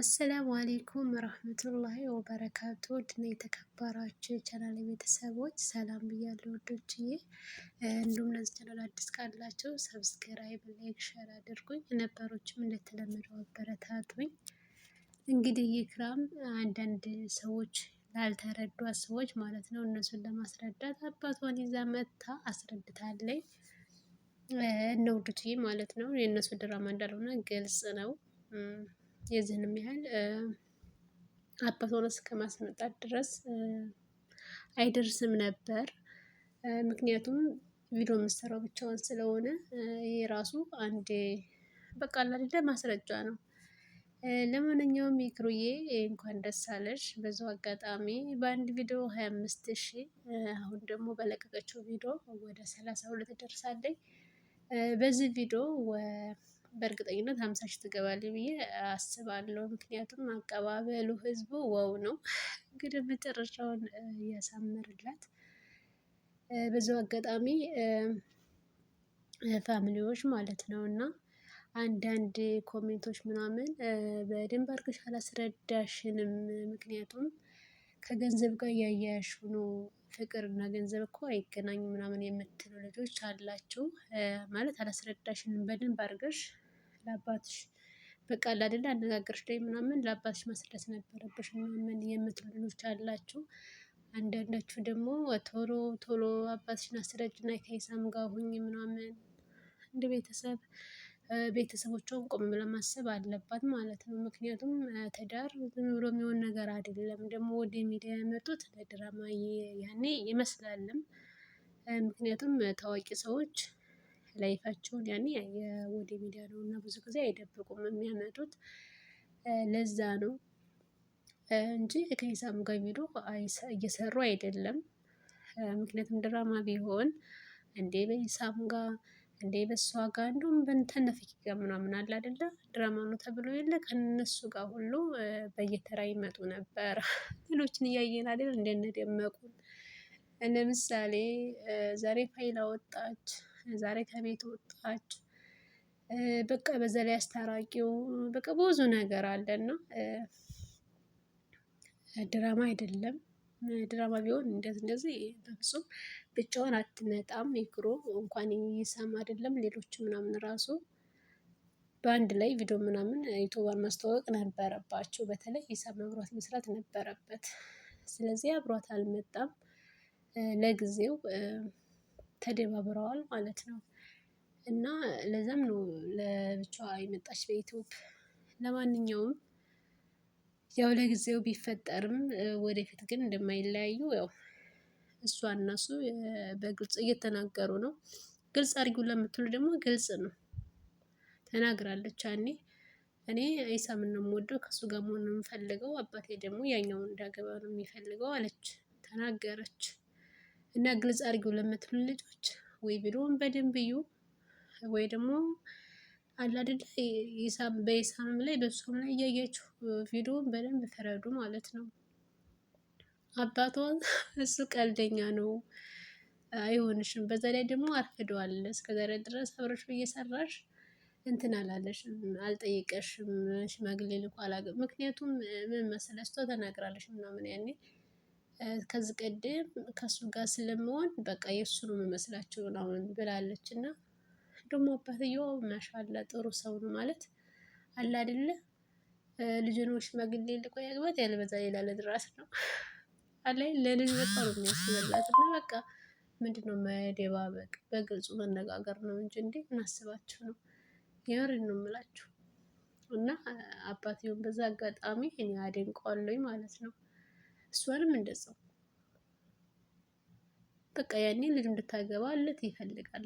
አሰላሙ አሌይኩም ረህመቱላሂ ወበረካቱ። ውድና የተከበራችሁ የቻናል ቤተሰቦች ሰላም ብያለሁ ውዶችዬ። እንዲሁም ለዚህ ቻናል አዲስ ካላችሁ ሰብስክራይብ፣ ላይክ፣ ሸር አድርጉኝ። ነበሮችም እንደተለመደው አበረታቱኝ። እንግዲህ ኢክራም አንዳንድ ሰዎች ላልተረዷት ሰዎች ማለት ነው እነሱን ለማስረዳት አባቷን ይዛ መታ አስረድታለኝ እነ ውዶችዬ ማለት ነው። የእነሱ ድራማ እንዳልሆነ ግልጽ ነው። የዚህንም ያህል አባቶን ማስመጣት ድረስ አይደርስም ነበር። ምክንያቱም ቪዲዮ የምሰራው ብቻውን ስለሆነ የራሱ አንድ በቃ አላደለ ማስረጃ ነው። ለማንኛውም ይክሩዬ እንኳን ደስ አለሽ። በዛው አጋጣሚ በአንድ ቪዲዮ ሀያ አምስት ሺ አሁን ደግሞ በለቀቀችው ቪዲዮ ወደ ሰላሳ ሁለት ደርሳለኝ። በዚህ ቪዲዮ በእርግጠኝነት ሀምሳ ሺህ ትገባለች ብዬ አስባለሁ። ምክንያቱም አቀባበሉ ህዝቡ ወው ነው። እንግዲህ መጨረሻውን እያሳምርላት በዛው አጋጣሚ ፋሚሊዎች ማለት ነው እና አንዳንድ ኮሜንቶች ምናምን በደንብ አድርገሽ አላስረዳሽንም፣ ምክንያቱም ከገንዘብ ጋር እያያያሽው ነው ፍቅር እና ገንዘብ እኮ አይገናኝ ምናምን የምትሉ ልጆች አላችሁ። ማለት አላስረዳሽንም በደንብ አድርገሽ ለአባትሽ በቃ አይደለ አነጋገርሽ ላይ ምናምን ለአባትሽ ማስረዳት ነበረብሽ ምናምን የምትሉ ልጆች አላችሁ። አንዳንዳችሁ ደግሞ ቶሎ ቶሎ አባትሽን አስረጅና ከይሳም ጋር ሁኝ ምናምን እንደ ቤተሰብ ቤተሰቦቿን ቆም ለማሰብ አለባት ማለት ነው። ምክንያቱም ትዳር ዝም ብሎ የሚሆን ነገር አይደለም። ደግሞ ወደ ሚዲያ ያመጡት ለድራማ ያኔ ይመስላልም። ምክንያቱም ታዋቂ ሰዎች ላይፋቸውን ያኔ ወደ ሚዲያ ነው እና ብዙ ጊዜ አይደብቁም የሚያመጡት ለዛ ነው እንጂ ከሂሳም ጋር ቪዲዮ እየሰሩ አይደለም። ምክንያቱም ድራማ ቢሆን እንዴ በሂሳም ጋር እንዴ በእሷ ጋር እንዲሁም በንተነፍክ ጋር ምናምን አለ አደለ ድራማ ነው ተብሎ የለ ከነሱ ጋር ሁሉ በየተራ ይመጡ ነበር። ሌሎችን እያየን አደለ እንደነ እንደነደመቁን ለምሳሌ ዛሬ ፋይል አወጣች ዛሬ ከቤት ወጣች። በቃ በዛ ላይ አስታራቂው በቃ ብዙ ነገር አለና ድራማ አይደለም። ድራማ ቢሆን እንደዚህ እንደዚህ በፍጹም ብቻውን አትመጣም። ይግሮ እንኳን ይሰማ አይደለም ሌሎች ምናምን ራሱ በአንድ ላይ ቪዲዮ ምናምን ዩቱበር ማስተዋወቅ ነበረባቸው። በተለይ ሂሳብ አብሯት መስራት ነበረበት። ስለዚህ አብሯት አልመጣም ለጊዜው። ተደባብረዋል ማለት ነው። እና ለዛም ነው ለብቻዋ የመጣች በኢትዮፕ ለማንኛውም ያው ለጊዜው ቢፈጠርም ወደፊት ግን እንደማይለያዩ ያው እሷ እና በግልጽ እየተናገሩ ነው። ግልጽ አድርጊው ለምትሉ ደግሞ ግልጽ ነው ተናግራለች። አኔ እኔ ኢሳምን ነው የምወደው ከእሱ ጋር መሆን የምፈልገው፣ አባቴ ደግሞ ያኛውን እንዳገባ ነው የሚፈልገው አለች፣ ተናገረች። እና ግልጽ አድርጊው ለምትሉ ልጆች ወይ ቪዲዮውን በደንብ እዩ ወይ ደግሞ አላደለ በኢሳምም ላይ በብሶም ላይ እያያችሁ ቪዲዮውን በደንብ ተረዱ ማለት ነው። አባቷ እሱ ቀልደኛ ነው፣ አይሆንሽም። በዛ ላይ ደግሞ አርፍደዋል። እስከዛሬ ድረስ አብረሽ እየሰራሽ እንትን አላለሽም፣ አልጠየቀሽም። ሽማግሌ ልኮ አላገ ምክንያቱም ምን መሰለሽ ተናግራለሽ ምናምን ያኔ ከዚህ ቀደም ከእሱ ጋር ስለምሆን በቃ የእሱ ነው የምመስላችሁ ምናምን ብላለች። እና ደግሞ አባትየው ማሻላ ጥሩ ሰው ነው ማለት አለ አይደለ? ልጅን ሽማግሌ ልቆ ያግባት ያለበዛ ሌላ ለድራስ ነው አላይ ለልጅ በጣም የሚያስበላት እና በቃ ምንድን ነው መደባበቅ፣ በግልጹ መነጋገር ነው እንጂ እንዴ እናስባችሁ ነው የምር ነው የምላችሁ። እና አባትየውን በዛ አጋጣሚ እኔ አደንቀዋለሁ ማለት ነው። እሷንም እንደዛው በቃ ያኔ ልጅ እንድታገባለት ይፈልጋል።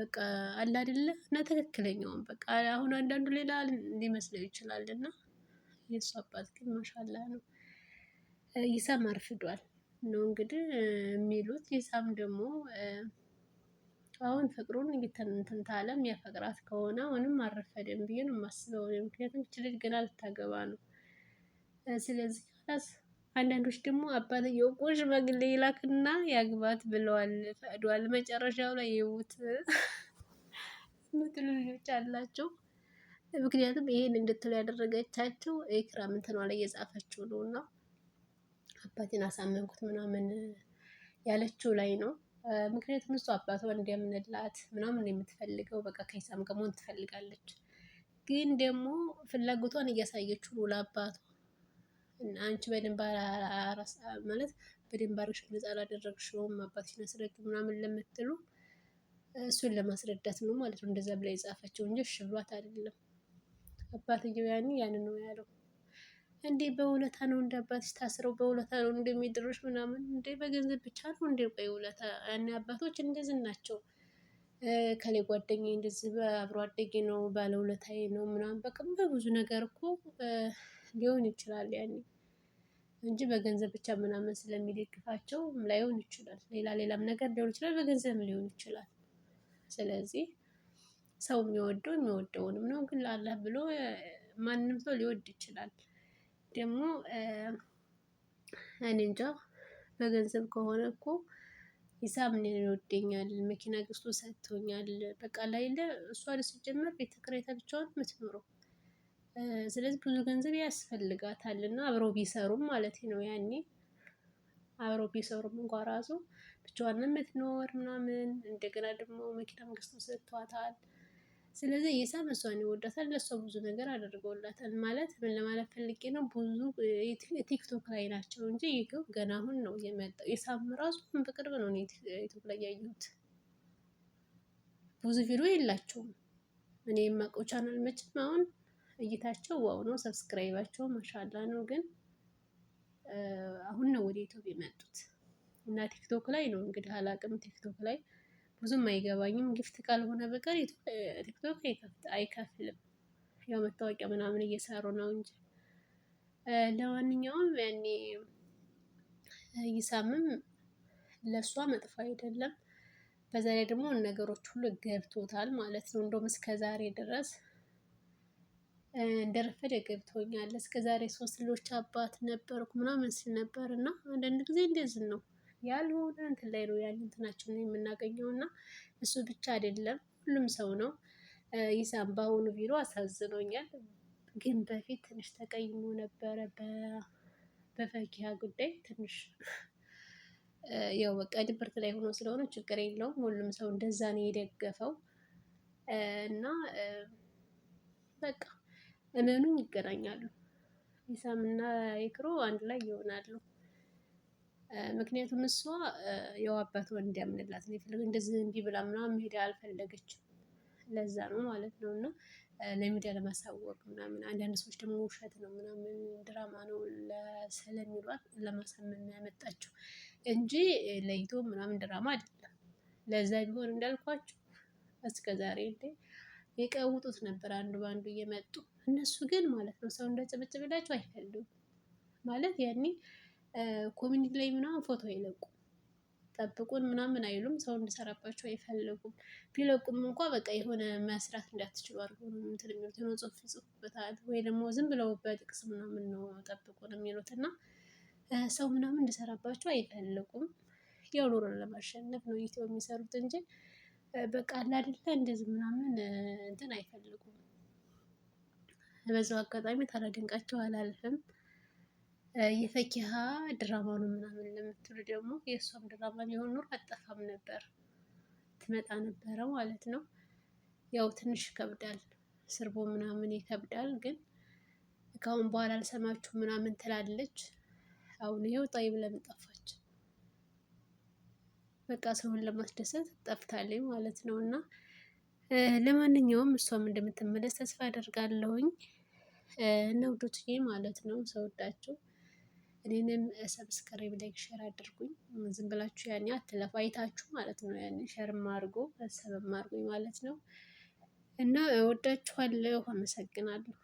በቃ አለ አይደለ እና ትክክለኛውም በቃ አሁን አንዳንዱ ሌላ ሊመስለው ይችላል። እና የእሱ አባት ግን ማሻላ ነው። ይሳም አርፍዷል ነው እንግዲህ የሚሉት። ይሳም ደግሞ አሁን ፍቅሩን እንትን ታለም ያፈቅራት ከሆነ አሁንም አረፈደም ብዬ ነው የማስበው። ምክንያቱም ችልጅ ግን አልታገባ ነው። ስለዚህ አንዳንዶች ደግሞ አባትየው እኮ ሽማግሌ ይላክና ያግባት ብለዋል ፈቅደዋል። መጨረሻው ላይ ይውት ምትሉ ልጆች አላቸው። ምክንያቱም ይሄን እንድትሉ ያደረገቻቸው ኤክራም እንትኗ ላይ የጻፈችው ነው እና አባቴን አሳመንኩት ምናምን ያለችው ላይ ነው። ምክንያቱም እሱ አባቷ እንዲያምንላት ምናምን የምትፈልገው በቃ ከሂሳም ከመሆን ትፈልጋለች። ግን ደግሞ ፍላጎቷን እያሳየችው ነው ለአባቷ አንቺ በደንብ ማለት በደንብ አድርገሽ ግልጽ አላደረግሽውም አባትሽን አስረዱ ምናምን ለምትሉ እሱን ለማስረዳት ነው ማለት ነው። እንደዛ ብላ የጻፈችው እንጂ እሺ ብሏት አይደለም። አባትየው ያኔ ያን ነው ያለው። እንዴ በውለታ ነው እንደ አባትሽ ታስረው በውለታ ነው እንደሚድሮች ምናምን እንዴ በገንዘብ ብቻ ነው እንዴ? ቆይ ውለታ ያኔ አባቶች እንደዚህ ናቸው። ከሌ ጓደኛ እንደዚህ በአብሮ አደጌ ነው ባለውለታዬ ነው ምናምን በቅም በብዙ ነገር እኮ ሊሆን ይችላል ያኔ እንጂ በገንዘብ ብቻ ምናምን ስለሚደግፋቸው ላይሆን ይችላል። ሌላ ሌላም ነገር ሊሆን ይችላል፣ በገንዘብም ሊሆን ይችላል። ስለዚህ ሰው የሚወደው የሚወደውንም ነው፣ ግን ለአላህ ብሎ ማንም ሰው ሊወድ ይችላል። ደግሞ እኔ እንጃ በገንዘብ ከሆነ እኮ ሂሳብ ምን ይወደኛል፣ መኪና ገዝቶ ሰጥቶኛል፣ በቃ ላይ እሷ ሲጀመር ቤት ተከራይታ ብቻዋን የምትኖረው ስለዚህ ብዙ ገንዘብ ያስፈልጋታል እና አብሮ ቢሰሩም ማለት ነው ያኔ አብሮ ቢሰሩም እንኳ ራሱ ብቻዋን የምትኖር ምናምን እንደገና ደግሞ መኪና ገዝቶ ሰጥቷታል። ስለዚህ ኢሳም እሷን ይወዳታል። ለእሷ ብዙ ነገር አድርገውላታል። ማለት ምን ለማለት ፈልጌ ነው፣ ብዙ ቲክቶክ ላይ ናቸው እንጂ ይገው ገና አሁን ነው የመጣው። ኢሳም ራሱ በቅርብ ነው ዩቲዩብ ላይ ያዩት። ብዙ ቪዲዮ የላቸውም እኔ የማውቀው ቻናል መቼም አሁን እይታቸው ዋው ነው። ሰብስክራይባቸው ማሻላ ነው። ግን አሁን ነው ወደ ዩቲዩብ የመጡት እና ቲክቶክ ላይ ነው እንግዲህ አላቅም። ቲክቶክ ላይ ብዙም አይገባኝም። ጊፍት ካልሆነ በቀር ቲክቶክ አይከፍልም። ያው መታወቂያ ምናምን እየሰሩ ነው እንጂ ለማንኛውም ያኔ ይሳምም ለእሷ መጥፎ አይደለም። በዛ ላይ ደግሞ ነገሮች ሁሉ ገብቶታል ማለት ነው። እንደውም እስከ ዛሬ ድረስ እንደረፈደ ገብቶኛል። እስከ ዛሬ ሶስት ልጆች አባት ነበርኩ ምናምን ሲል ነበር እና አንዳንድ ጊዜ እንደዚህ ነው ያልሆነ እንትን ላይ ነው ያን እንትናቸውን የምናገኘው እና እሱ ብቻ አይደለም ሁሉም ሰው ነው። ይሳም በአሁኑ ቢሮ አሳዝኖኛል፣ ግን በፊት ትንሽ ተቀይሞ ነበረ በፈኪያ ጉዳይ ትንሽ ያው በቃ ድብርት ላይ ሆኖ ስለሆነ ችግር የለውም። ሁሉም ሰው እንደዛ ነው የደገፈው እና በቃ እመኑ ይገናኛሉ። ኢሳምና ይክሮ አንድ ላይ ይሆናሉ። ምክንያቱም እሷ አባት ወንድ ያምንላት ነው የፈለገ እንደዚህ እንዲህ ብላ ምናምን መሄድ አልፈለገችም። ለዛ ነው ማለት ነው እና ለሚዲያ ለማሳወቅ ምናምን አንዳንድ ሰዎች ደግሞ ውሸት ነው ምናምን ድራማ ነው ስለሚሏት ለማሳመን ነው ያመጣችው እንጂ ለይቶ ምናምን ድራማ አይደለም። ለዛ ቢሆን እንዳልኳችሁ እስከ ዛሬ እንዴ ይቀውጡት ነበር አንዱ በአንዱ እየመጡ እነሱ ግን ማለት ነው ሰው እንዳጨበጨበላቸው አይፈልጉም። ማለት ያኔ ኮሚኒቲ ላይ ምናምን ፎቶ አይለቁም፣ ጠብቁን ምናምን አይሉም። ሰው እንድሰራባቸው አይፈልጉም። ቢለቁም እንኳ በቃ የሆነ መስራት እንዳትችሉ አድርጎ ነው እንትን የሚሉት። የሆነ ጽሑፍ ይጽፉበታል ወይ ደግሞ ዝም ብለው በጥቅስ ምናምን ነው ጠብቁን የሚሉት እና ሰው ምናምን እንድሰራባቸው አይፈልጉም። ያው ኑሮን ለማሸነፍ ነው ዩቲዩብ የሚሰሩት እንጂ በቃ አይደለ እንደዚህ ምናምን እንትን አይፈልጉም። በዛው አጋጣሚ ታላደንቃቸው አላልፍም። የፈኪሃ ድራማ ነው ምናምን ለምትሉ ደግሞ የእሷም ድራማ ቢሆን ኖሮ አጠፋም ነበር፣ ትመጣ ነበረ ማለት ነው። ያው ትንሽ ይከብዳል፣ ስርቦ ምናምን ይከብዳል። ግን ከአሁን በኋላ አልሰማችሁ ምናምን ትላለች። አሁን ይኸው ጣይብ ለምን ጠፋ በቃ ሰውን ለማስደሰት ጠፍታለኝ ማለት ነው። እና ለማንኛውም እሷም እንደምትመለስ ተስፋ አደርጋለሁኝ። እና ውዶችዬ ማለት ነው ሰወዳችሁ እኔንም ሰብስክራይብ፣ ላይክ፣ ሼር አድርጉኝ። ዝም ብላችሁ ያኔ አትለፉ አይታችሁ ማለት ነው። ያኔ ሸርም አድርጎ ሰብም አድርጉኝ ማለት ነው። እና እወዳችኋለሁ። አመሰግናለሁ።